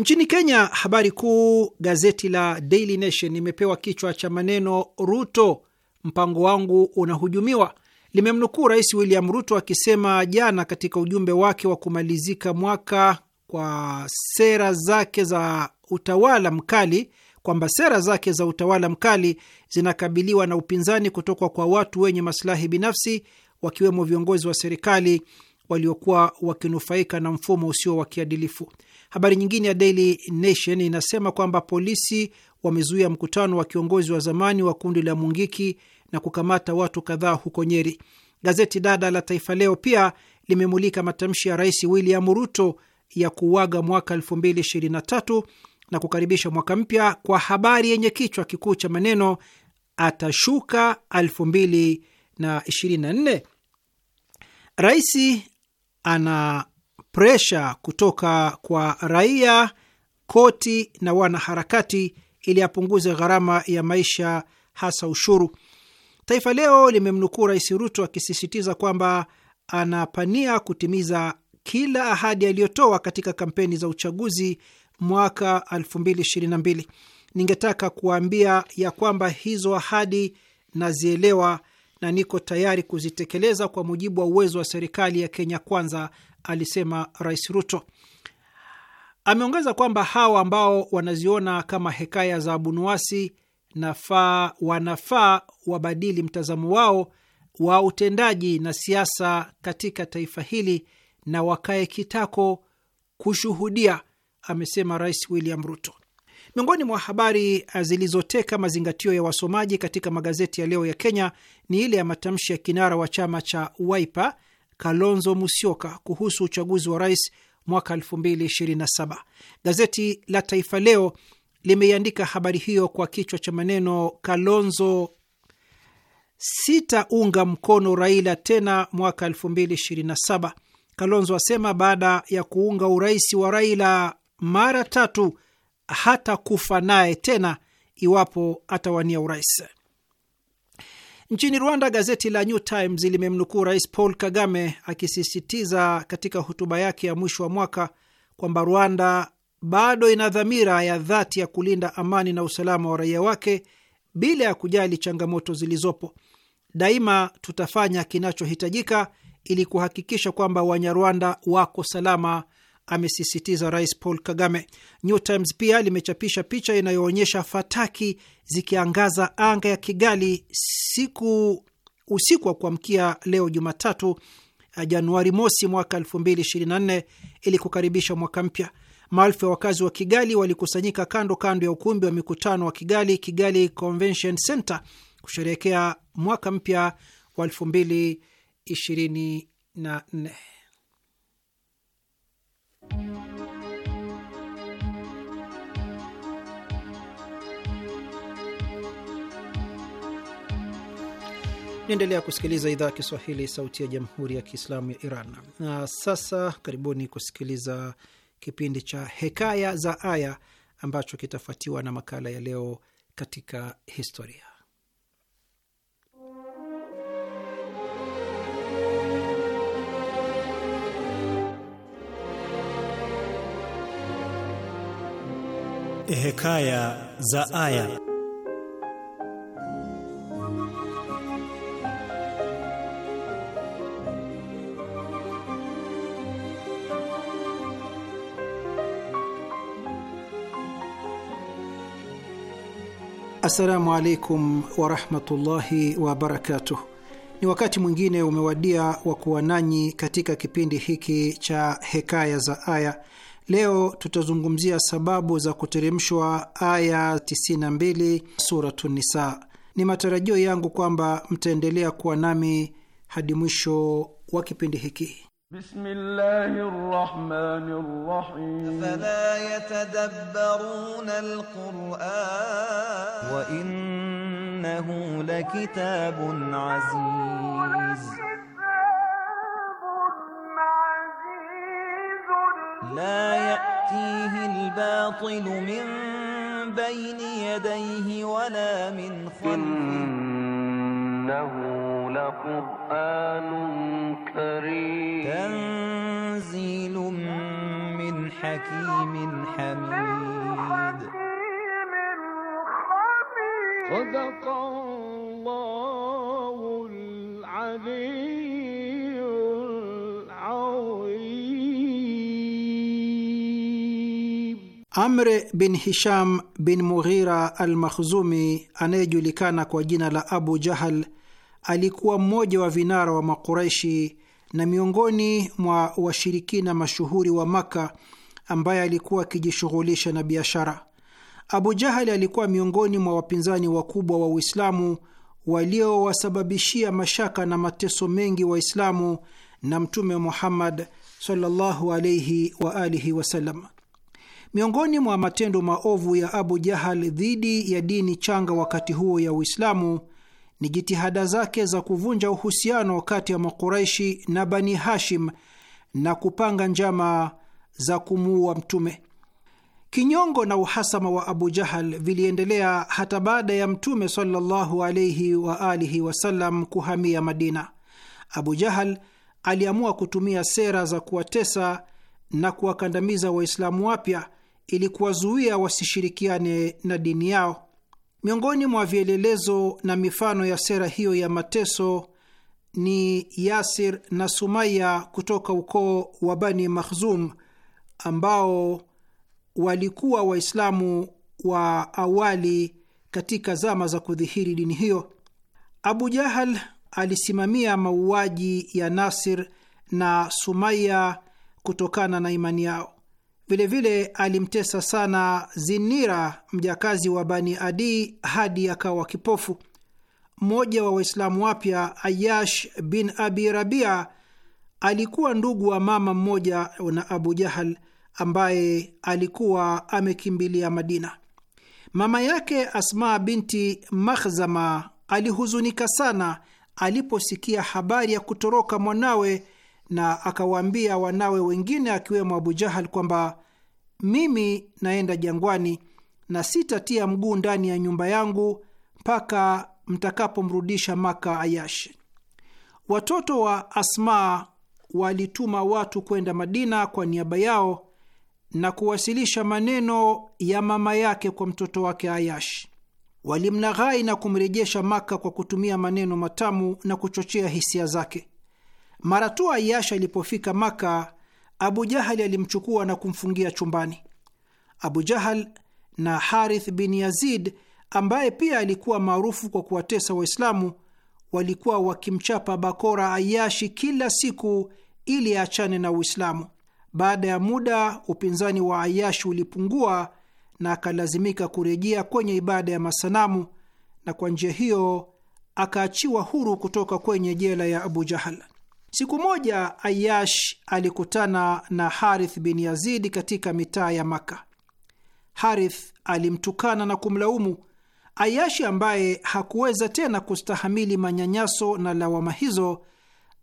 Nchini Kenya, habari kuu gazeti la Daily Nation limepewa kichwa cha maneno Ruto, mpango wangu unahujumiwa. Limemnukuu Rais William Ruto akisema jana katika ujumbe wake wa kumalizika mwaka kwa sera zake za utawala mkali kwamba sera zake za utawala mkali zinakabiliwa na upinzani kutoka kwa watu wenye masilahi binafsi, wakiwemo viongozi wa serikali waliokuwa wakinufaika na mfumo usio wa kiadilifu. Habari nyingine ya Daily Nation inasema kwamba polisi wamezuia mkutano wa kiongozi wa zamani wa kundi la Mungiki na kukamata watu kadhaa huko Nyeri. Gazeti dada la Taifa Leo pia limemulika matamshi ya Rais William Ruto ya kuuaga mwaka 2023 na kukaribisha mwaka mpya kwa habari yenye kichwa kikuu cha maneno atashuka 2024. Rais ana presha kutoka kwa raia, koti na wanaharakati ili apunguze gharama ya maisha, hasa ushuru. Taifa Leo limemnukuu Rais Ruto akisisitiza kwamba anapania kutimiza kila ahadi aliyotoa katika kampeni za uchaguzi mwaka 2022. Ningetaka kuwaambia ya kwamba hizo ahadi nazielewa na niko tayari kuzitekeleza kwa mujibu wa uwezo wa serikali ya Kenya Kwanza, alisema Rais Ruto. Ameongeza kwamba hawa ambao wanaziona kama hekaya za Abunuwasi nafaa wanafaa wabadili mtazamo wao wa utendaji na siasa katika taifa hili na wakae kitako kushuhudia, amesema Rais William Ruto. Miongoni mwa habari zilizoteka mazingatio ya wasomaji katika magazeti ya leo ya Kenya ni ile ya matamshi ya kinara wa chama cha Wiper Kalonzo Musyoka kuhusu uchaguzi wa rais mwaka 2027. Gazeti la Taifa Leo limeiandika habari hiyo kwa kichwa cha maneno Kalonzo sitaunga mkono Raila tena mwaka 2027. Kalonzo asema baada ya kuunga urais wa Raila mara tatu hata kufa naye tena iwapo atawania urais. Nchini Rwanda, gazeti la New Times limemnukuu Rais Paul Kagame akisisitiza katika hotuba yake ya mwisho wa mwaka kwamba Rwanda bado ina dhamira ya dhati ya kulinda amani na usalama wa raia wake bila ya kujali changamoto zilizopo. Daima tutafanya kinachohitajika ili kuhakikisha kwamba Wanyarwanda wako salama amesisitiza Rais Paul Kagame. New Times pia limechapisha picha inayoonyesha fataki zikiangaza anga ya Kigali siku usiku wa kuamkia leo Jumatatu, eh, Januari mosi mwaka 2024 ili kukaribisha mwaka mpya. Maelfu ya wakazi wa Kigali walikusanyika kando kando ya ukumbi wa mikutano wa Kigali, Kigali Convention Center, kusherehekea mwaka mpya wa 2024. Naendelea kusikiliza idhaa ya Kiswahili, sauti ya jamhuri ya kiislamu ya Iran. Na sasa karibuni kusikiliza kipindi cha Hekaya za Aya ambacho kitafuatiwa na makala ya Leo katika Historia. Hekaya za Aya. Assalamu alaikum warahmatullahi wabarakatuh. Ni wakati mwingine umewadia wa kuwa nanyi katika kipindi hiki cha Hekaya za Aya. Leo tutazungumzia sababu za kuteremshwa aya 92 Suratu Nisa. Ni matarajio yangu kwamba mtaendelea kuwa nami hadi mwisho wa kipindi hiki. بسم الله الرحمن الرحيم فلا يتدبرون القرآن وإنه لكتاب عزيز لا يأتيه الباطل من بين يديه ولا من خلفه إنه لقرآن كريم تنزيل من حكيم حميد صدق الله العلي Amr bin Hisham bin Mughira al-Makhzumi anayejulikana kwa jina la Abu Jahal alikuwa mmoja wa vinara wa makuraishi na miongoni mwa washirikina mashuhuri wa Maka ambaye alikuwa akijishughulisha na biashara. Abu Jahali alikuwa miongoni mwa wapinzani wakubwa wa Uislamu waliowasababishia mashaka na mateso mengi Waislamu na Mtume Muhammad sallallahu alaihi wa alihi wasallam. Miongoni mwa matendo maovu ya Abu Jahal dhidi ya dini changa wakati huo ya Uislamu ni jitihada zake za kuvunja uhusiano kati ya Makuraishi na Bani Hashim na kupanga njama za kumuua Mtume. Kinyongo na uhasama wa Abu Jahal viliendelea hata baada ya Mtume sallallahu alaihi wa alihi wasallam kuhamia Madina. Abu Jahal aliamua kutumia sera za kuwatesa na kuwakandamiza Waislamu wapya ili kuwazuia wasishirikiane na dini yao. Miongoni mwa vielelezo na mifano ya sera hiyo ya mateso ni Yasir na Sumaya kutoka ukoo wa Bani Makhzum ambao walikuwa Waislamu wa awali katika zama za kudhihiri dini hiyo. Abu Jahal alisimamia mauaji ya Nasir na Sumaya kutokana na imani yao. Vilevile alimtesa sana Zinira, mjakazi wa Bani Adi, hadi akawa kipofu. Mmoja wa Waislamu wapya Ayash bin Abi Rabia alikuwa ndugu wa mama mmoja na Abu Jahal ambaye alikuwa amekimbilia Madina. Mama yake Asma binti Makhzama alihuzunika sana aliposikia habari ya kutoroka mwanawe na akawaambia wanawe wengine akiwemo Abu Jahal kwamba mimi naenda jangwani na sitatia mguu ndani ya nyumba yangu mpaka mtakapomrudisha Maka Ayashi. Watoto wa Asma walituma watu kwenda Madina kwa niaba yao na kuwasilisha maneno ya mama yake kwa mtoto wake Ayashi. Walimnaghai na kumrejesha Maka kwa kutumia maneno matamu na kuchochea hisia zake. Mara tu Aiyasha ilipofika Maka, Abu Jahali alimchukua na kumfungia chumbani. Abu Jahal na Harith bin Yazid ambaye pia alikuwa maarufu kwa kuwatesa Waislamu walikuwa wakimchapa bakora Ayashi kila siku ili aachane na Uislamu. Baada ya muda, upinzani wa Ayashi ulipungua na akalazimika kurejea kwenye ibada ya masanamu, na kwa njia hiyo akaachiwa huru kutoka kwenye jela ya Abu Jahal. Siku moja Ayash alikutana na Harith bin Yazidi katika mitaa ya Maka. Harith alimtukana na kumlaumu. Ayashi ambaye hakuweza tena kustahamili manyanyaso na lawama hizo,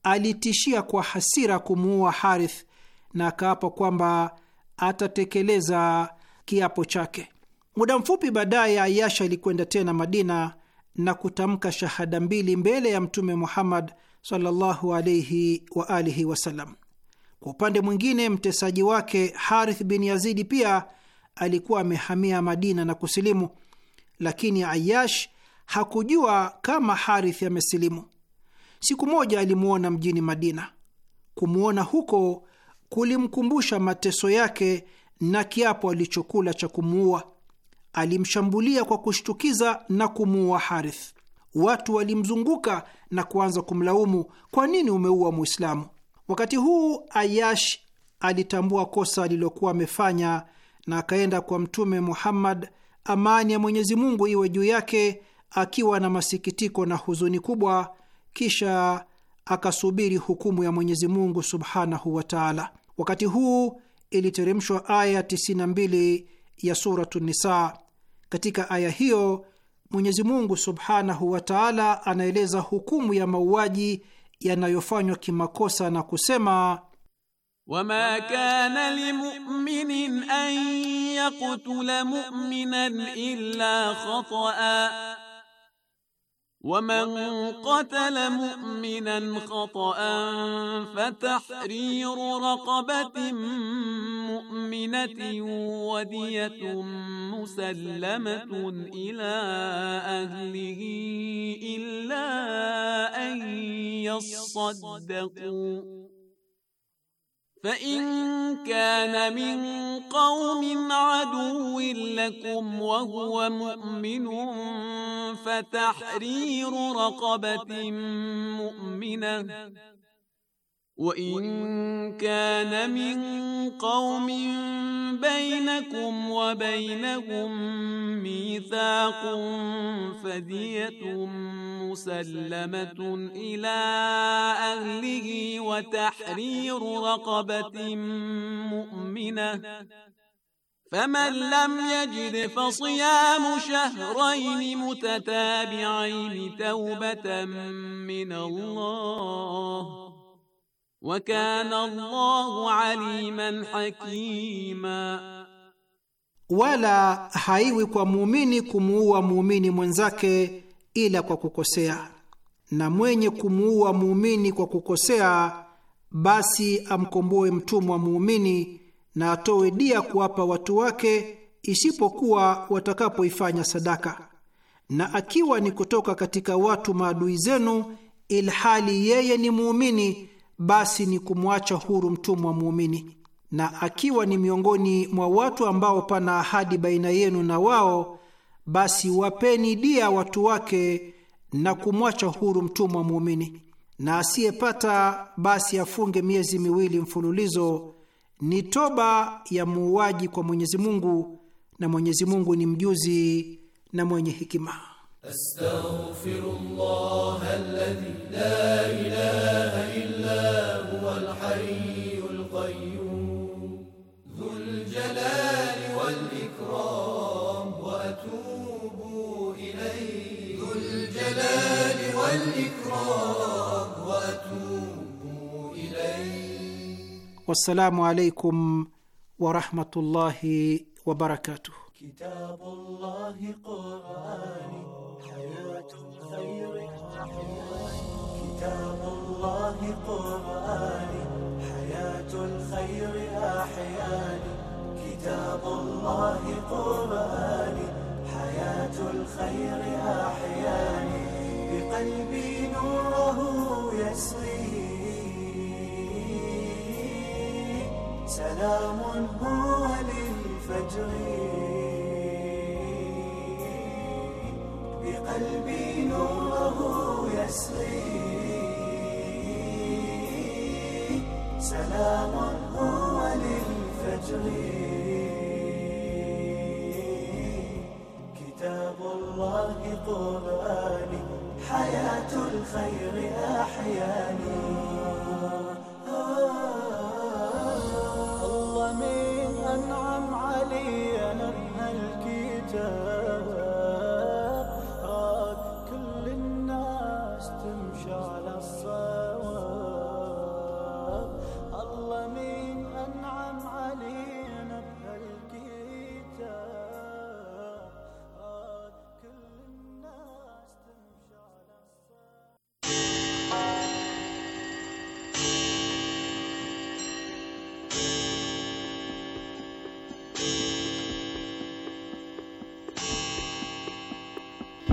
alitishia kwa hasira kumuua Harith na akaapa kwamba atatekeleza kiapo chake. Muda mfupi baadaye, Ayashi alikwenda tena Madina na kutamka shahada mbili mbele ya Mtume Muhammad sallallahu alayhi wa alihi wasallam. Kwa upande mwingine, mtesaji wake Harith bin Yazidi pia alikuwa amehamia Madina na kusilimu, lakini Ayash hakujua kama Harith amesilimu. Siku moja alimuona mjini Madina. Kumwona huko kulimkumbusha mateso yake na kiapo alichokula cha kumuua. Alimshambulia kwa kushtukiza na kumuua Harith watu walimzunguka na kuanza kumlaumu, kwa nini umeua Muislamu? Wakati huu Ayash alitambua kosa alilokuwa amefanya na akaenda kwa Mtume Muhammad, amani ya Mwenyezi Mungu iwe juu yake, akiwa na masikitiko na huzuni kubwa, kisha akasubiri hukumu ya Mwenyezi Mungu subhanahu wa taala. Wakati huu iliteremshwa aya 92 ya Suratu Nisa. Katika aya hiyo Mwenyezi Mungu subhanahu wa taala anaeleza hukumu ya mauaji yanayofanywa kimakosa na kusema wama kana limuminin an yaqtula muminan illa khataa ومن قتل مؤمنا خطأ فتحرير رقبة مؤمنة ودية مسلمة إلى أهله إلا أن يصدقوا فإن كان من قوم عدو لكم وهو مؤمن فتحرير رقبة مؤمنة وإن كان من قوم بينكم وبينهم ميثاق فدية مسلمة إلى أهله وتحرير رقبة مؤمنة فمن لم يجد فصيام شهرين متتابعين توبة من الله wa kana Allahu aliman hakima, wala haiwi kwa muumini kumuua muumini mwenzake ila kwa kukosea, na mwenye kumuua muumini kwa kukosea, basi amkomboe mtumwa muumini na atoe dia kuwapa watu wake, isipokuwa watakapoifanya sadaka, na akiwa ni kutoka katika watu maadui zenu, ilhali yeye ni muumini basi ni kumwacha huru mtumwa muumini, na akiwa ni miongoni mwa watu ambao pana ahadi baina yenu na wao, basi wapeni dia watu wake na kumwacha huru mtumwa muumini, na asiyepata basi afunge miezi miwili mfululizo. Ni toba ya muuaji kwa Mwenyezi Mungu, na Mwenyezi Mungu ni mjuzi na mwenye hikima. أستغفر الله الذي لا إله إلا هو الحي القيوم ذو الجلال والإكرام وأتوب إليه ذو الجلال والإكرام وأتوب إليه والسلام عليكم ورحمة الله وبركاته كتاب الله قرآني حياة خير وحياة كتاب الله قراني حياة الخير أحياني كتاب الله قراني حياة الخير أحياني بقلبي نوره يسري سلام هو للفجر بقلبي نوره يسري سلام هو للفجر كتاب الله قرآني حياة الخير أحياني الله من أنعم علي نبه الكتاب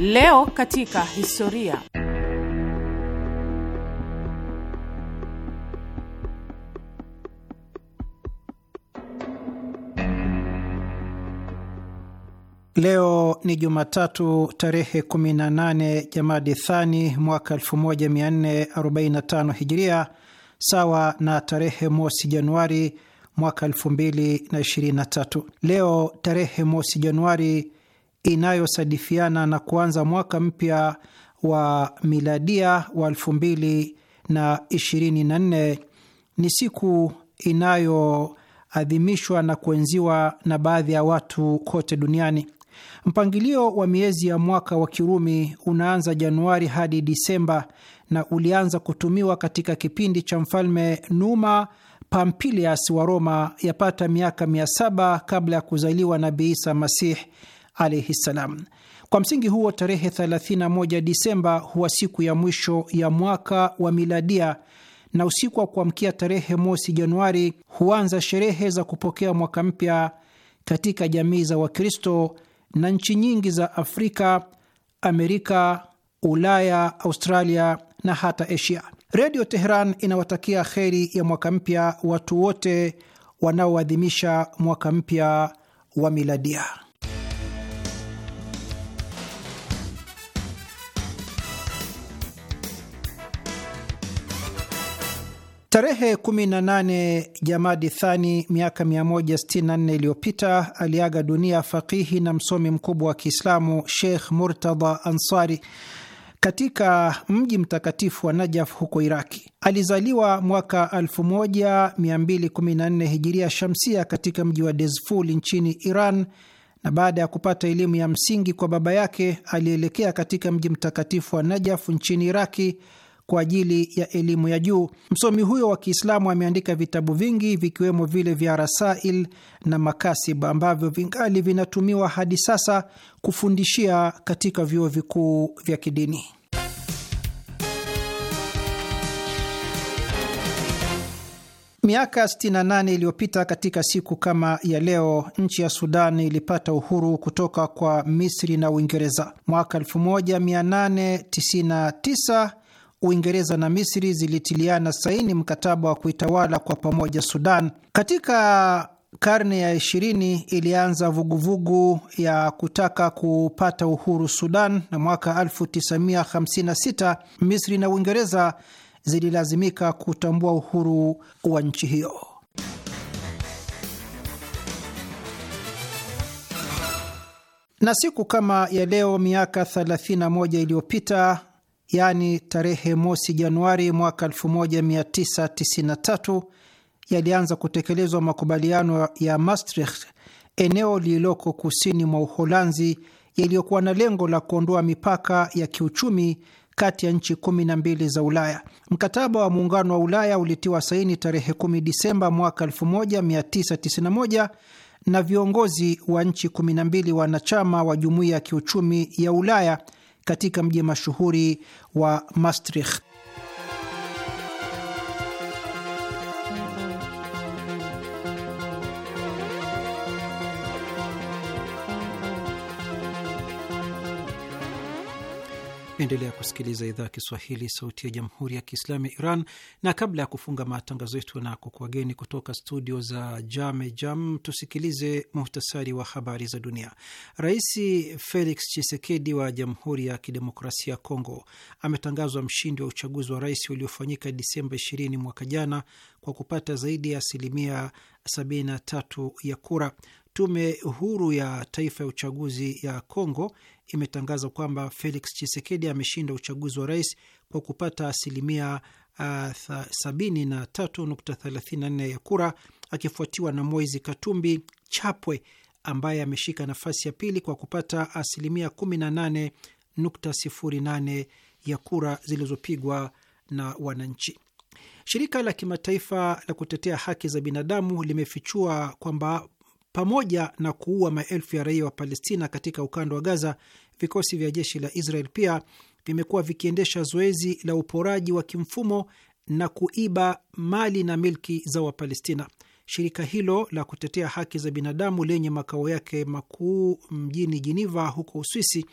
Leo katika historia. Leo ni Jumatatu tarehe 18 Jamadi Thani mwaka 1445 Hijiria, sawa na tarehe mosi Januari mwaka 2023. Leo tarehe mosi Januari inayosadifiana na kuanza mwaka mpya wa miladia wa nne ni siku inayoadhimishwa na kuenziwa na baadhi ya watu kote duniani. Mpangilio wa miezi ya mwaka wa Kirumi unaanza Januari hadi Disemba na ulianza kutumiwa katika kipindi cha mfalme Numa pampilias wa Roma yapata miaka mia saba kabla ya kuzaliwa Nabii Isa Masih alaihi ssalam. Kwa msingi huo, tarehe 31 Disemba huwa siku ya mwisho ya mwaka wa miladia na usiku wa kuamkia tarehe mosi Januari huanza sherehe za kupokea mwaka mpya katika jamii za Wakristo na nchi nyingi za Afrika, Amerika, Ulaya, Australia na hata Asia. Redio Teheran inawatakia kheri ya mwaka mpya watu wote wanaoadhimisha mwaka mpya wa miladia. Tarehe 18 Jamadi Thani miaka 164 iliyopita aliaga dunia faqihi na msomi mkubwa wa Kiislamu Sheikh Murtadha Ansari katika mji mtakatifu wa Najaf huko Iraki. Alizaliwa mwaka 1214 hijiria shamsia katika mji wa Dezful nchini Iran, na baada ya kupata elimu ya msingi kwa baba yake alielekea katika mji mtakatifu wa Najaf nchini Iraki kwa ajili ya elimu ya juu. Msomi huyo wa Kiislamu ameandika vitabu vingi vikiwemo vile vya Rasail na Makasib ambavyo vingali vinatumiwa hadi sasa kufundishia katika vyuo vikuu vya kidini. Miaka 68 iliyopita katika siku kama ya leo, nchi ya Sudan ilipata uhuru kutoka kwa Misri na Uingereza. Mwaka 1899 Uingereza na Misri zilitiliana saini mkataba wa kuitawala kwa pamoja Sudan. Katika karne ya ishirini ilianza vuguvugu ya kutaka kupata uhuru Sudan, na mwaka 1956 Misri na Uingereza zililazimika kutambua uhuru wa nchi hiyo. Na siku kama ya leo miaka 31 iliyopita yaani tarehe mosi Januari mwaka 1993 yalianza kutekelezwa makubaliano ya Maastricht, eneo lililoko kusini mwa Uholanzi, yaliyokuwa na lengo la kuondoa mipaka ya kiuchumi kati ya nchi kumi na mbili za Ulaya. Mkataba wa Muungano wa Ulaya ulitiwa saini tarehe 10 Disemba mwaka 1991 na viongozi wa nchi 12 wanachama wa Jumuiya ya Kiuchumi ya Ulaya katika mji mashuhuri wa Maastricht. Mnaendelea kusikiliza idhaa Kiswahili sauti ya jamhuri ya kiislamu ya Iran, na kabla ya kufunga matangazo yetu na kukuageni kutoka studio za Jame Jam, tusikilize muhtasari wa habari za dunia. Rais Felix Tshisekedi wa Jamhuri ya Kidemokrasia ya Kongo ametangazwa mshindi wa uchaguzi wa rais uliofanyika Disemba 20 mwaka jana kwa kupata zaidi ya asilimia 73 ya kura. Tume huru ya taifa ya uchaguzi ya congo imetangaza kwamba Felix chisekedi ameshinda uchaguzi wa rais kwa kupata asilimia 73.34 uh, ya kura akifuatiwa na Moizi Katumbi Chapwe ambaye ameshika nafasi ya pili kwa kupata asilimia 18.08 ya kura zilizopigwa na wananchi. Shirika la kimataifa la kutetea haki za binadamu limefichua kwamba pamoja na kuua maelfu ya raia wa Palestina katika ukanda wa Gaza, vikosi vya jeshi la Israel pia vimekuwa vikiendesha zoezi la uporaji wa kimfumo na kuiba mali na milki za Wapalestina. Shirika hilo la kutetea haki za binadamu lenye makao yake makuu mjini Jiniva huko Uswisi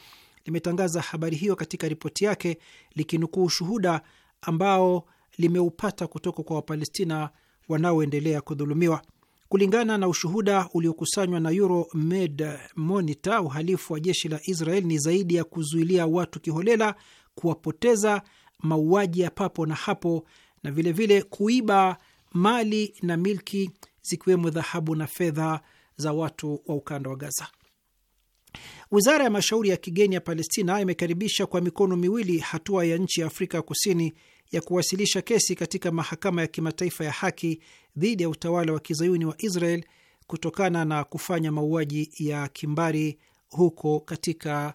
limetangaza habari hiyo katika ripoti yake likinukuu shuhuda ambao limeupata kutoka kwa Wapalestina wanaoendelea kudhulumiwa. Kulingana na ushuhuda uliokusanywa na Euromed Monitor, uhalifu wa jeshi la Israel ni zaidi ya kuzuilia watu kiholela, kuwapoteza, mauaji ya papo na hapo, na vilevile vile kuiba mali na milki zikiwemo dhahabu na fedha za watu wa ukanda wa Gaza. Wizara ya mashauri ya kigeni ya Palestina imekaribisha kwa mikono miwili hatua ya nchi ya Afrika Kusini ya kuwasilisha kesi katika mahakama ya kimataifa ya haki dhidi ya utawala wa kizayuni wa Israel kutokana na kufanya mauaji ya kimbari huko katika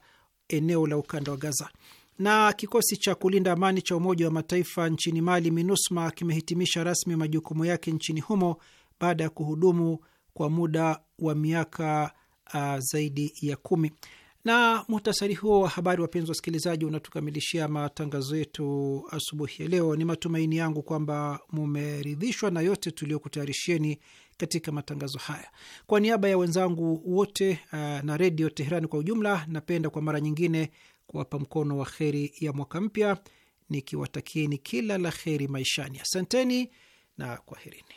eneo la ukanda wa Gaza. Na kikosi cha kulinda amani cha Umoja wa Mataifa nchini Mali, MINUSMA, kimehitimisha rasmi majukumu yake nchini humo baada ya kuhudumu kwa muda wa miaka uh, zaidi ya kumi. Na muhtasari huo wa habari, wapenzi wasikilizaji, unatukamilishia matangazo yetu asubuhi ya leo. Ni matumaini yangu kwamba mumeridhishwa na yote tuliyokutayarishieni katika matangazo haya. Kwa niaba ya wenzangu wote uh, na Redio Teherani kwa ujumla, napenda kwa mara nyingine kuwapa mkono wa kheri ya mwaka mpya nikiwatakieni kila la kheri maishani. Asanteni na kwaherini.